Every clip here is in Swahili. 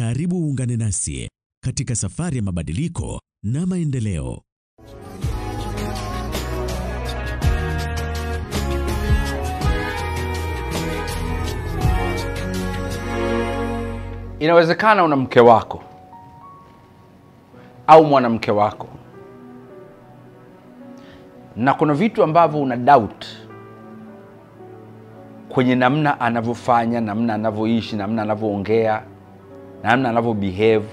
Karibu uungane nasi katika safari ya mabadiliko na maendeleo. Inawezekana una mke wako au mwanamke wako, na kuna vitu ambavyo una doubt kwenye namna anavyofanya, namna anavyoishi, namna anavyoongea namna anavyo behave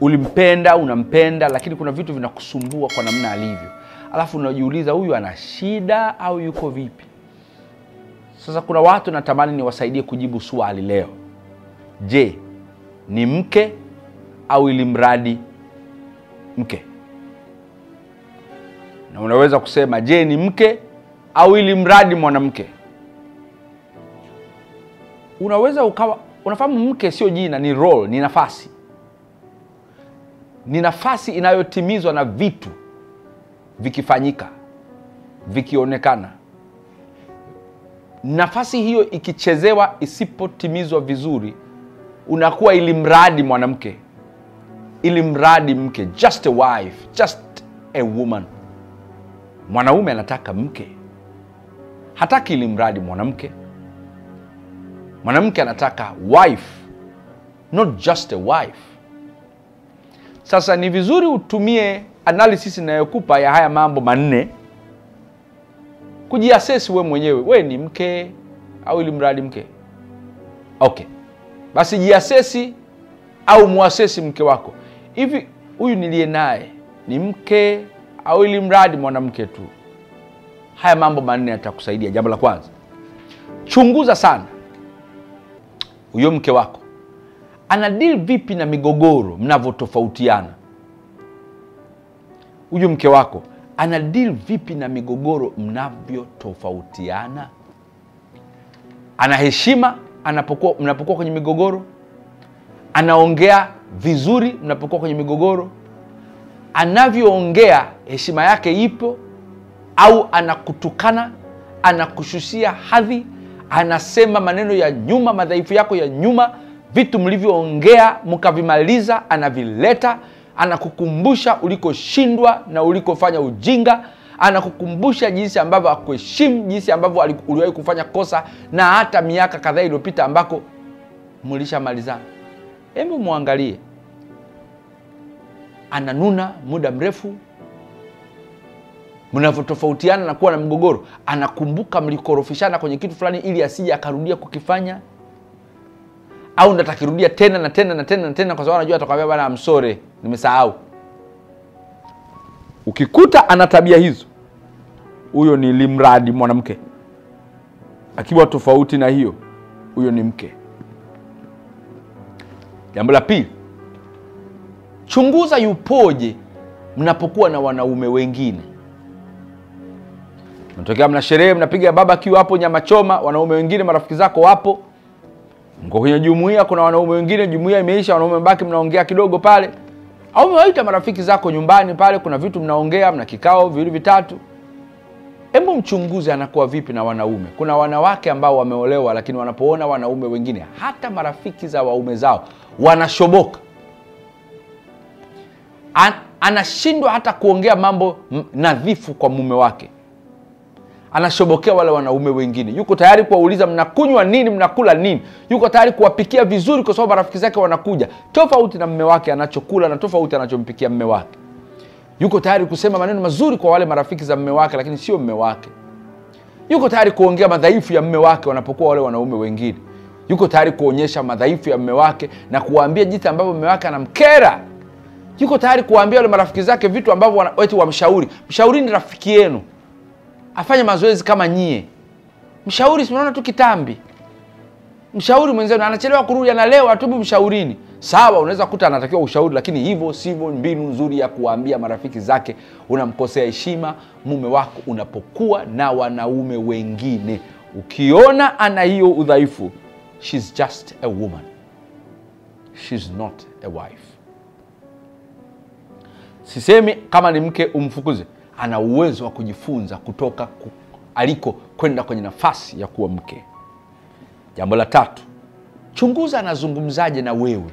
ulimpenda unampenda lakini kuna vitu vinakusumbua kwa namna alivyo alafu unajiuliza huyu ana shida au yuko vipi sasa kuna watu natamani niwasaidie kujibu swali leo je ni mke au ili mradi mke na unaweza kusema je ni mke au ili mradi mwanamke unaweza ukawa Unafahamu mke sio jina, ni role, ni nafasi, ni nafasi inayotimizwa na vitu vikifanyika, vikionekana. Nafasi hiyo ikichezewa, isipotimizwa vizuri, unakuwa ili mradi mwanamke, ili mradi mke, just a wife, just a woman. Mwanaume anataka mke, hataki ili mradi mwanamke mwanamke anataka wife not just a wife sasa ni vizuri utumie analysis inayokupa ya haya mambo manne kujiasesi we mwenyewe we ni mke au ili mradi mke okay basi jiasesi au mwasesi mke wako hivi huyu niliye naye ni mke au ili mradi mwanamke tu haya mambo manne yatakusaidia jambo la kwanza chunguza sana huyo mke wako ana deal vipi na migogoro mnavyotofautiana huyu mke wako ana deal vipi na migogoro mnavyotofautiana ana heshima anapokuwa mnapokuwa kwenye migogoro anaongea vizuri mnapokuwa kwenye migogoro anavyoongea heshima yake ipo au anakutukana anakushushia hadhi anasema maneno ya nyuma, madhaifu yako ya nyuma, vitu mlivyoongea mkavimaliza, anavileta. Anakukumbusha ulikoshindwa na ulikofanya ujinga anakukumbusha jinsi ambavyo akuheshimu, jinsi ambavyo uliwahi kufanya kosa na hata miaka kadhaa iliyopita ambako mlishamalizana. Hebu mwangalie, ananuna muda mrefu mnavyotofautiana na kuwa na mgogoro, anakumbuka mlikorofishana kwenye kitu fulani ili asije akarudia kukifanya, au ndo atakirudia tena na tena na tena na tena, kwa sababu anajua atakwambia, bwana, amsore, nimesahau. Ukikuta ana tabia hizo, huyo ni limradi mwanamke. Akiwa tofauti na hiyo, huyo ni mke. Jambo la pili, chunguza yupoje mnapokuwa na wanaume wengine mnatokea mna sherehe mnapiga babaki hapo nyama choma wanaume wengine marafiki zako wapo mko kwenye jumuia kuna wanaume wengine jumuia imeisha wanaume mbaki mnaongea kidogo pale au mwaita marafiki zako nyumbani pale kuna vitu mnaongea mna kikao viwili vitatu hebu mchunguze anakuwa vipi na wanaume kuna wanawake ambao wameolewa lakini wanapoona wanaume wengine hata marafiki za waume zao wanashoboka An, anashindwa hata kuongea mambo nadhifu kwa mume wake anashobokea wale wanaume wengine yuko tayari kuwauliza mnakunywa nini mnakula nini yuko tayari kuwapikia vizuri kwa sababu marafiki zake wanakuja tofauti na mme wake anachokula na tofauti anachompikia mme wake yuko tayari kusema maneno mazuri kwa wale marafiki za mme wake lakini sio mme wake yuko tayari kuongea madhaifu ya mme wake wanapokuwa wale wanaume wengine yuko tayari kuonyesha madhaifu ya mme wake na kuwaambia jinsi ambavyo mme wake anamkera yuko tayari kuwaambia wale marafiki zake vitu ambavyo eti wamshauri mshaurini rafiki yenu afanye mazoezi kama nyie. Mshauri, si unaona tu kitambi, mshauri mwenzenu anachelewa kurudi, analewa tu, mshaurini. Sawa, unaweza kuta anatakiwa ushauri, lakini hivyo sivyo mbinu nzuri ya kuwaambia marafiki zake. Unamkosea heshima mume wako unapokuwa na wanaume wengine. Ukiona ana hiyo udhaifu, she's just a woman, she's not a wife. Sisemi kama ni mke umfukuze, ana uwezo wa kujifunza kutoka ku, aliko kwenda kwenye nafasi ya kuwa mke. Jambo la tatu, chunguza anazungumzaje na wewe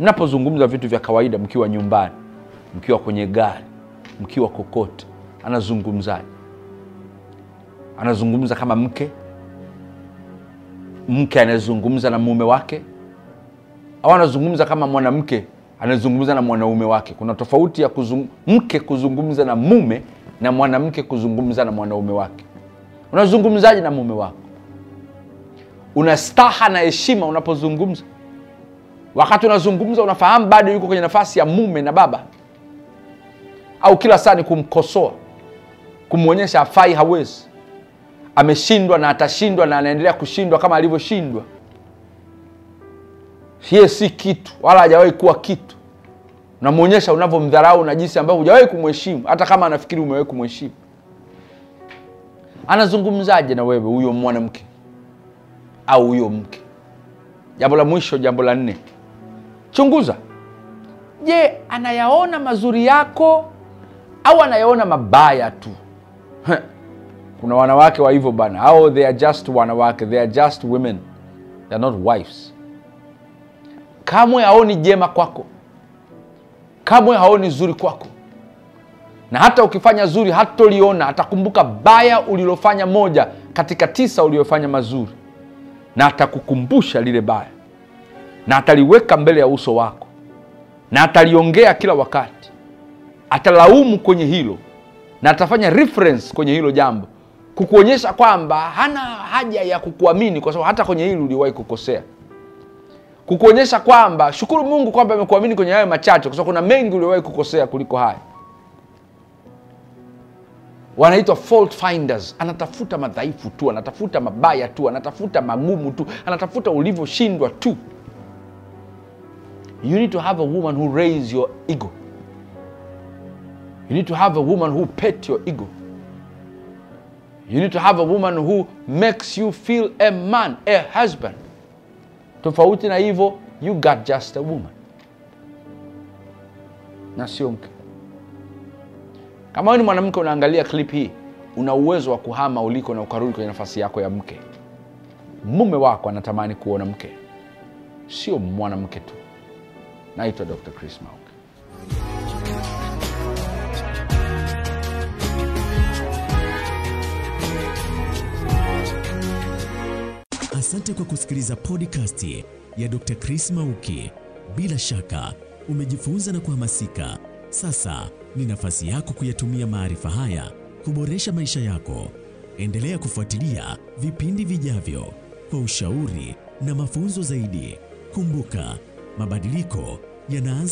mnapozungumza vitu vya kawaida, mkiwa nyumbani, mkiwa kwenye gari, mkiwa kokote, anazungumzaje? Anazungumza kama mke, mke anayezungumza na mume wake, au anazungumza kama mwanamke anazungumza na mwanaume wake. Kuna tofauti ya kuzung, mke kuzungumza na mume na mwanamke kuzungumza na mwanaume wake. unazungumzaji na mume wako? Una staha na heshima unapozungumza? Wakati unazungumza unafahamu bado yuko kwenye nafasi ya mume na baba, au kila saa ni kumkosoa, kumwonyesha afai, hawezi, ameshindwa na atashindwa na anaendelea kushindwa kama alivyoshindwa? yeye si kitu wala hajawahi kuwa kitu unamwonyesha unavyomdharau na jinsi ambavyo hujawahi kumheshimu hata kama anafikiri umewahi kumheshimu anazungumzaje na wewe huyo mwanamke au huyo mke jambo la mwisho jambo la nne chunguza je anayaona mazuri yako au anayaona mabaya tu kuna wanawake wa hivyo bana au they are just wanawake they are just women they are not wives kamwe haoni jema kwako, kamwe haoni zuri kwako, na hata ukifanya zuri hatoliona. Atakumbuka baya ulilofanya moja katika tisa uliofanya mazuri, na atakukumbusha lile baya, na ataliweka mbele ya uso wako, na ataliongea kila wakati, atalaumu kwenye hilo, na atafanya reference kwenye hilo jambo kukuonyesha kwamba hana haja ya kukuamini, kwa sababu hata kwenye hili uliwahi kukosea kukuonyesha kwamba shukuru Mungu kwamba amekuamini kwenye hayo machache, kwa sababu kuna mengi uliowahi kukosea kuliko haya. Wanaitwa fault finders. Anatafuta madhaifu tu, anatafuta mabaya tu, anatafuta magumu tu, anatafuta ulivyoshindwa tu. You need to have a woman who raise your ego. You need to have a woman who pet your ego. You need to have a woman who makes you feel a man, a husband. Tofauti na hivyo, you got just a woman na sio mke. Kama wewe ni mwanamke unaangalia clip hii, una uwezo wa kuhama uliko na ukarudi kwenye nafasi yako ya mke. Mume wako anatamani kuona mke, sio mwanamke tu. Naitwa Dr. Chris Mauki. Asante kwa kusikiliza podcast ya Dr. Chris Mauki. Bila shaka umejifunza na kuhamasika. Sasa ni nafasi yako kuyatumia maarifa haya kuboresha maisha yako. Endelea kufuatilia vipindi vijavyo kwa ushauri na mafunzo zaidi. Kumbuka, mabadiliko yanaanza